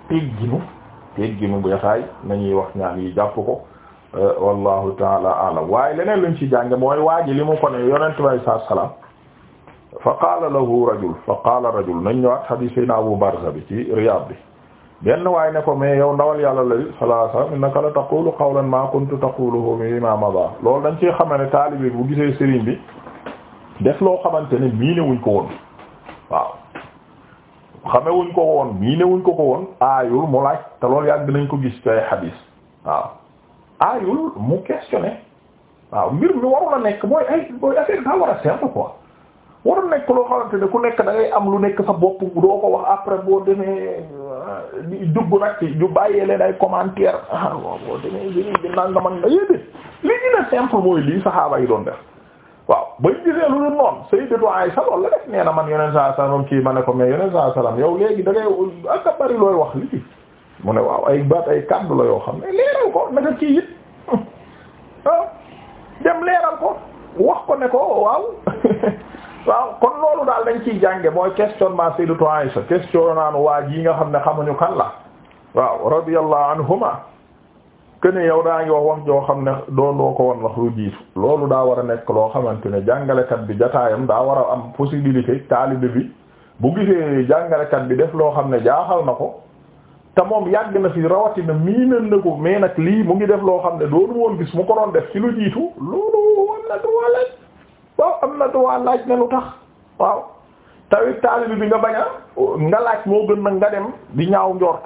tegginu tegginu bu yaxaay nañuy wax ñaan yi jàpp ko Euh, wallahu taala alam waaye leneen luñ ci jànge mooy waa ji li mu ko ne yonent bi alayhi salaatu wa salaam fa qaala lahu rajul fa qaala rajul nañ ñëwaat hadiis Seydina Abu Barza bi ci Riyaad bi benn waaye ne ko mais yow ndawal yàlla la sallallahu alayhi wa sallam innaka la taqulu qawlan ma kuntu taquluhu mimma madaa loolu dañ ci xamane ne taalibe bu gisee sëriñ bi def loo xamante ni miine wuñ ko woon waaw xame wuñ ko woon miine wuñ ko ko woon aayul mu laaj te loolu yàgg nañ ko gis ci ay waaw aayul mu questionné waaw mbir mi warul nekk mooy ay mooy affaire daa war a simple quoi warul nekk loo xamante ne ku nekk da ngay am lu nekk sa bopp doo ko wax après boo demee dugg nag ci ñu bàyyee leen ay commentaire ah waaw boo demee jëriñ bi nangam ak nga yéegee li ne simple mooy lii saxaaba yi doon def. waaw bañ gisee lu dul noonu Sayyidatu Aisha loolu la def nee na man yoneen saa salaam kii ma ne ko mais yoneen saa salaam yow léegi da ngay bari looy wax li ci mu ne waaw ay baat ay kàddu la yoo xam ne leeral ko naka kii it ah, dem leeral ko wax ko ne ko waaw waaw kon loolu daal dañ ciy jànge mooy questionnement Sayyidatu Aisha question naan waa ji nga xam ne xamuñu kan la waaw radiyallahu anhuma kene yow daa ngi wax wax joo xam ne doonoo ko woon wax lu loolu daa war a nekk loo xamante ne jàngalekat bi jataayam daa war a am possibilité taalibe bi bu gisee jàngalekat bi def loo xam ne jaaxal na ko te moom yàgg na fi rawatina miinal na ko mais nag lii mu ngi def loo xam ne doonu woon gis mu ko doon def ci lu jiitu loolu am na droit laaj waaw am na droit laaj ne lu tax waaw tawit taalibi bi nga bañ a nga laaj moo gën nag nga dem di ñaaw njort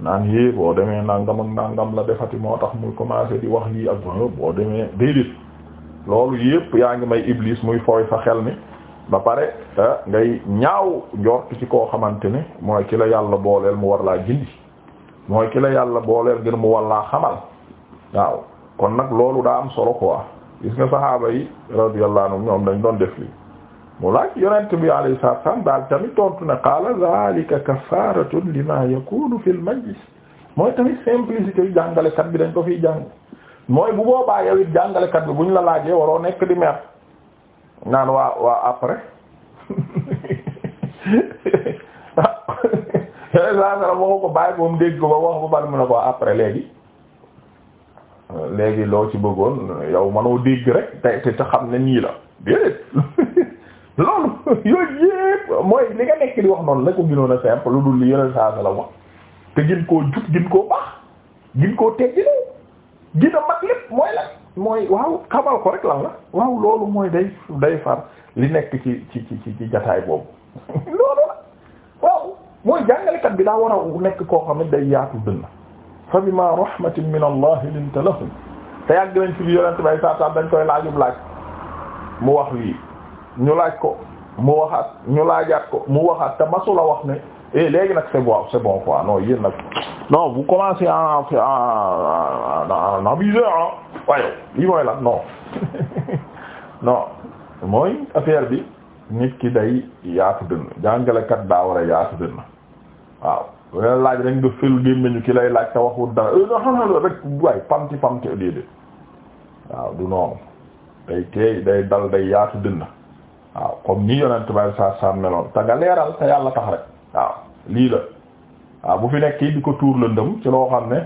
naan yé boo demee nangam ak nangam la defati moo tax muy commencé di wax lii ak boo demee déedéet loolu yépp yaa ngi may iblis muy fooy sa xel mi ba pare ah, ngay ñaaw njort ci koo xamante ne mooy ki yàlla booleel mu war laa gindi mooy ki yàlla booleel ngir mu war laa xamal waaw kon nag loolu daa am solo quoi gis nga saxaaba yi radiyallahu anhum ñoom dañ doon def lii mu laaj yonent bi alayhi salaatu salaam daal tamit tontu ne qaala zaalika kafaaratun limaa yakuunu fil majlis mooy tamit simplicité yu jàngalekat bi dañ ko fiy jàng mooy bu boobaa yow it jàngalekat bi bu ñu la laajee waroo nekk di mer. naan waa waa après yooyu saa sara waxu ko bàyyi moom dégg ko ba wax ba bari mu ne ko après léegi léegi loo ci bëggoon yow manoo dégg rek te la déedéet loolu yooyu yépp mooy li nga nekk di wax noonu la ko gënoon a simple lu dul li yoneen saa sara wax te gën koo jub gën koo baax gën koo teggi gën a mat lépp mooy la mooy waaw xamal ko rek lan la waaw loolu mooy day day far li nekk ci ci ci ci jataay boobu loolu la waaw mooy jàngalekat bi daa war a nekk koo xam ne day yaatu dënn fa bima rahmatin min allah linta lahum te yàgg nañ fi bi yonent bay saasaam dañ koy laajub laaj mu wax lii ñu laaj ko mu waxaat ñu laajaat ko mu waxaat te masula wax ne eh léegi nag c'est bon c'est bon quoi non yéen nag non vous commencez à à à à abuser ah waaye lii mooy la non non mooy affaire bi nit ki day yaatu dënn jàngalekat daa war a yaatu dënn waaw wala laaj rek nga fël gémmiñu ki lay laaj te waxul dara xanaa eh, rek waaye pamti pamti waaw du noonu day teey day dal day yaatu dënn waaw comme ni yonent bay saa saa meloon te nga leeral te yàlla tax rek waaw lii la waaw bu fi nekk di ko tuur lëndëm ci loo xam ne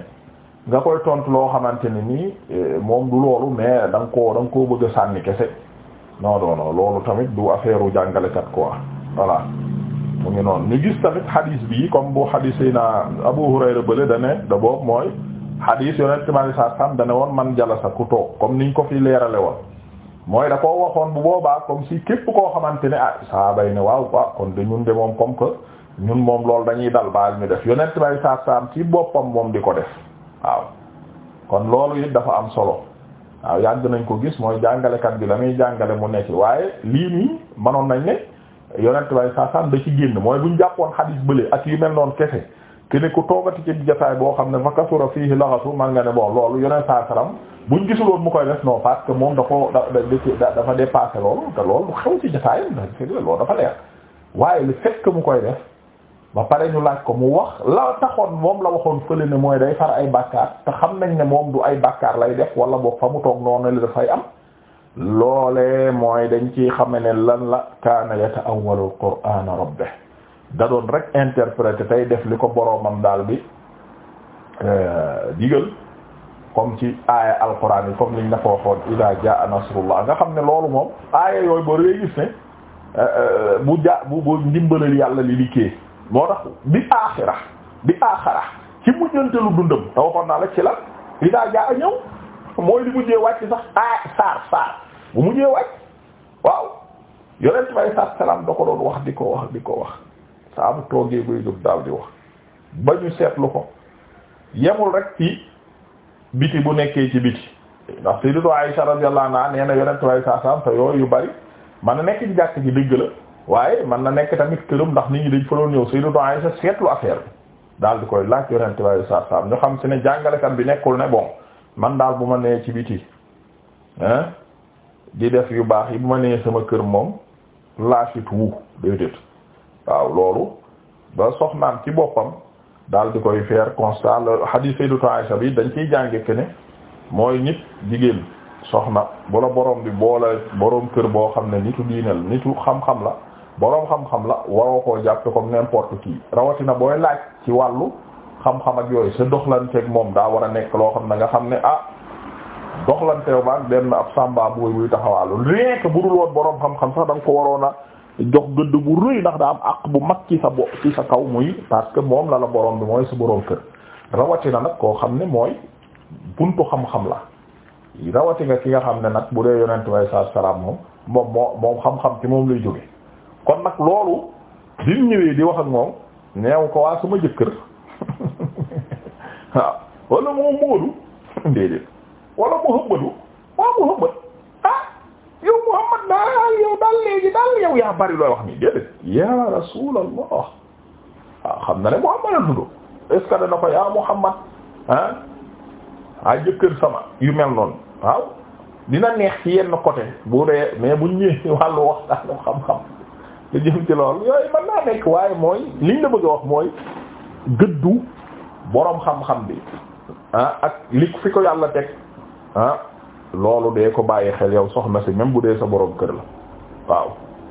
nga koy tontu loo xamante ne nii eh, moom du loolu mais da nga koo da bëgg sànni kese noo non non loolu tamit du affaire u jàngalekat quoi voilà mu ngi noonu ñu gis tamit hadith bi comme bu hadith yi naa Abu Hurayra bële da ne da boobu mooy hadith yonent tamit saa dana da ne woon man jalasa ku toog comme niñ ko fi leerale woon. mooy da koo waxoon bu boobaa comme si képp koo xamante ne ah saa bay ne waaw quoi kon de ñun de moom comme que ñun moom loolu dañuy dal baal ñu def yonent tamit saa sàmm ci boppam moom di ko def. waaw kon loolu it dafa am solo waaw yàgg nañ ko gis mooy jàngalekat bi la muy jàngale mu nekk waaye lii nii manoon nañ ne yonent bay saasan da ci génn mooy ñu jàppoon xadis bële ak yi mel noonu kese te ne ku toogati ci jotaay boo xam ne fa kasura fiihi laxasu man nga ne boo loolu yonent saa saram buñ gisuloon mu koy def non parce que moom da ko da dafa dépassé loolu te loolu xew ci jotaayam da loolu dafa leer waaye le fait mu koy ba pare ñu laaj ko mu wax la taxoon moom la waxoon fële ne mooy day far ay bàkkaar te xam nañ ne moom du ay bàkkaar lay def wala boog fa mu toog noonu la dafay am loolee mooy dañ ci xame ne lan la kaana yata'awwalu qur'ana rabbih da doon rek interpréter tey def li ko boroomam daal bi euh, digal comme ci aaya alquran yi comme liñ na ko waxoon idaa jaa nasrullah nga xam ne loolu moom aaya yooyu ba léegi gis ne euh, euh, bu ja bu bu ndimbalal yàlla li liggéey moo tax bi aaxira bi aaxara ci mujjantelu dundam te waxoon naa la ci la li daa jaa a ñëw mooy li mujjee wàcc sax a saar saar bu mujjee wàcc waaw yonent bay saar salaam da ko doon wax di ko wax di ko wax saa bu toogee bay jóg di wax ba ñu seetlu ko yemul rek ci biti bu nekkee ci biti ndax Sayyidatu Aisha radiyallahu anha nee salaam te yooyu yu bari man a nekk ci jàkk ji dëgg la waaye man na nekk tamit këram ndax nit ñi dañ fa doon ñëw Sayyidatu Aisha seetlu affaire bi daal di koy laaj yonent bi saam saa ñu xam si ne jàngalekat bi nekkul ne bon man daal bu ma nee ci biti ah di def yu baax yi bu ma nee sama kër moom laasit wu déedéet waaw loolu ba soxnaam ci boppam daal di koy faire constat le hadith Sayyidatu Aisha bi dañ ciy jànge ke ne mooy nit jigéen soxna bu la borom bi boola borom kër boo xam ne nitu diinal nitu xam la. boroom xam-xam la waroo koo jàppe comme n'importe qui rawatina booy laaj ci wàllu xam-xam ak yooyu sa doxlanteeg moom daa war a nekk loo xam ne nga xam ne ah doxlanteew ba ak benn ab sàmba buy buy taxawaalu rien bu dul woon boroom xam-xam sax danga nga ko waroon a jox gëdd bu rëy ndax daa am àq bu mag ci sa bo ci sa kaw muy parce que moom la la boroom bi mooy si boroom kër rawatina nag koo xam ne mooy buntu xam-xam la rawatina ki nga xam ne nag bu dee yonent way sa salaam moom moom moo moom xam ci moom lay jóge kon nag loolu bi mu ñëwee di wax ak moom neew ko waa sama jëkkër waaw wala moom móodu déedéet wala mu hëbbadu waaw mu hëbbat ah yow Muhammad daal yow daal léegi daal yow yaa bari looy wax nii déedéet ya rasulallah waaw xam na ne Muhammad la tudd est-ce que ko yaa Muhammad ah ah jëkkër sama yu mel noonu waaw dina neex ci yenn côté bu dee mais bu ñëwee wàllu waxtaan xam-xam lu jëm ci loolu yooyu mën naa nekk waaye mooy liñ la bëgg a wax mooy gëddu boroom xam-xam bi ah, ak li fi ko yàlla teg ah, loolu de ko bàyyi xel yow soxna si même bu dee sa boroom kër la waaw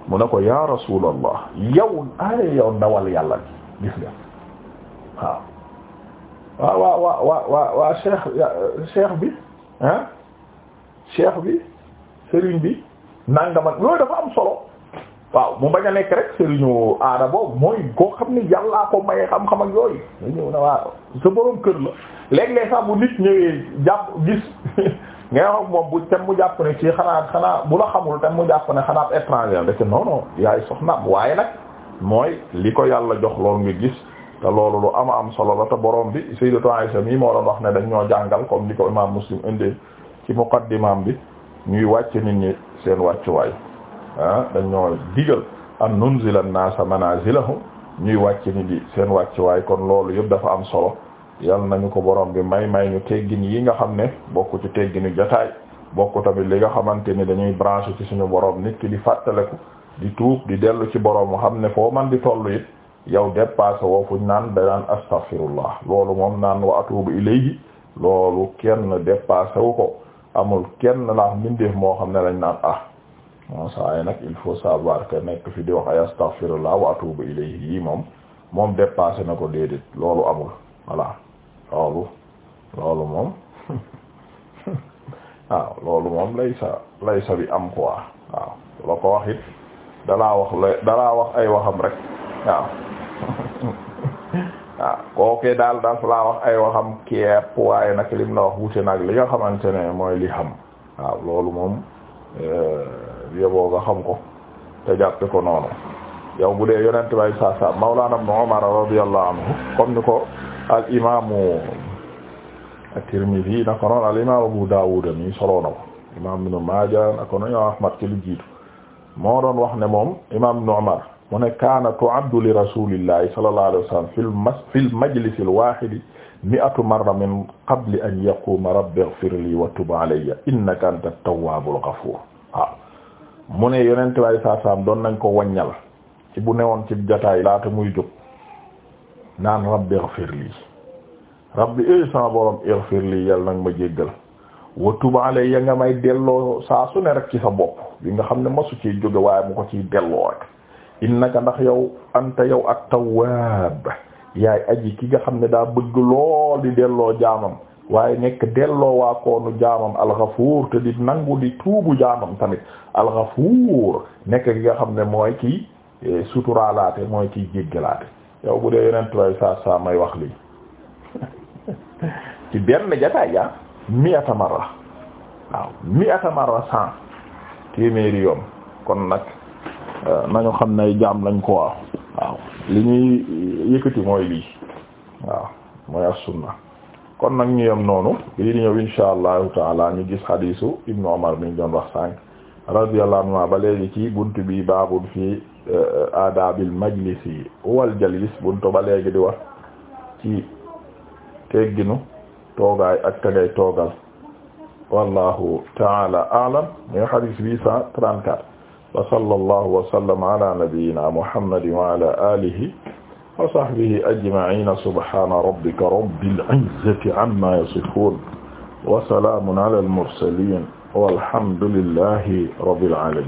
mu ne ko ya rasulallah yow aare yow ndawal yàlla bi gis nga waaw waa waa waa waa waa waa cheikh bi ah cheikh bi sëriñ bi nangam ak yooyu dafa am solo waaw mu bañ a nekk rek sëriñu aada boobu mooy koo xam ni yàllaa ko maye xam-xam ak yooyu nga ñëw na waaw sa borom kër la léeg-léeg sax bu nit ñëwee jàpp gis ngay wax moom bu tem mu jàpp ne ci xanaa xanaa bu la xamul tem mu jàpp ne xanaa étranger rek non non yaay soxnaam waaye nag mooy li ko yàlla jox loolu nga gis te loolu lu am am solo la te borom bi Sayyidatu Aisha mi moo doon wax ne dañ ñoo jàngal comme li ko imam Muslim indee ci muqaddimaam bi ñuy wàcc nit ñi seen wàccuwaay ah dañoo digal an nunzila an-naasa manaazilahum ñuy wàcc ni di seen wàcc waay kon loolu yëpp dafa am solo yal nañu ko borom bi may may ñu teggin yi nga xam ne bokk ci tegginu jotaay bokk tamit li nga xamante ni dañuy branché ci suñu boroom nit ki di fàttaleku di tuub di dellu ci borom xam ne foo man di tollu it yow dépassé woo fuñ naan da naan astaghfirullah loolu moom naan wa atuubu ilayhi loolu kenn dépassé ko amul kenn laa mbindeef moo xam ne lañ naan ah, moo sa yi nag il faut savoir que nekk fi di wax ay astaghfirullah wa atubu ilayhi yi moom moom dépassé na ko déedéet loolu amul voilà loolu loolu moom waaw loolu moom lay sa bi am quoi waaw la ko wax it wax la dalaa wax ay waxam rek waaw waaw kookee daal daal laa wax ay waxam kepp waaye nag lim la wax wuute nag li nga xamante ne mooy li xam waaw loolu moom euh, yoboo nga xam ko te ko noonu yow bu dee yonent bay saa sa mawlana ibn Umar radiyallahu anhu comme ni ko al imamu at-Tirmidhi nako noon Abu Dawud mi solo na ko imam Ibn Majah nako noon imam Ahmad ci lu jiitu moo doon wax ne moom imam Ibn Umar mu ne kaana li rasulillahi sallallahu alayhi wa sallam fil mas fil majlis min qabli an yaquma rabbi ighfir li wa tub alayya innaka anta at ghafur mu ne yonent waay saasaam doon nañ ko waññal ci bu newoon ci jataay laata muy jóg naan rabbi ighfir lii rabbi eh sama borom ighfir lii yal nag ma jéggal wa tub alayya nga may delloo saa ne rek ci sa bopp bi nga xam ne masu ciy jóge waaye mu ko ciy delloo rek innaka ndax yow anta yow at-tawwaab yaay aji ki nga xam ne daa bëgg lool di delloo jaamam waaye nekk delloo waa koonu jaamam alxafuur te di nangu di tuubu jaamam tamit alxafuur nekk gi nga xam ne mooy kii eh, suturaalaate mooy kii jéggalaate yow bu dee yeneen tubaab saa saa may wax lii ci benn jataay yaa ah, mi atamarra waaw mi atamarra san téeméeri yoon kon nag eh, nañu xam ne jaam lañ ko waaw waaw li ñuy yëkkati mooy lii waaw mooy as sunna kon nag ñu yem noonu bii di ñëw insha allahu taala ñu gis hadisu ibnu Umar mi ñu doon wax sànq radiyallahu anhu ba léegi ci buntu bi baabul fii eh, aadabil majlisi wal jalis buntu ba di wax ci tegginu toogaay ak tagay toogal wallahu taala aalam ñuy hadis huit cent trente-quatre wa sallallahu wa sallama ala nabiyyina muhammadin wa alihi wa sahbihi ajma'ina subhana rabbika rabbil izzati amma yasifun wa salamun ala al mursalin walhamdulillahi rabbil alamin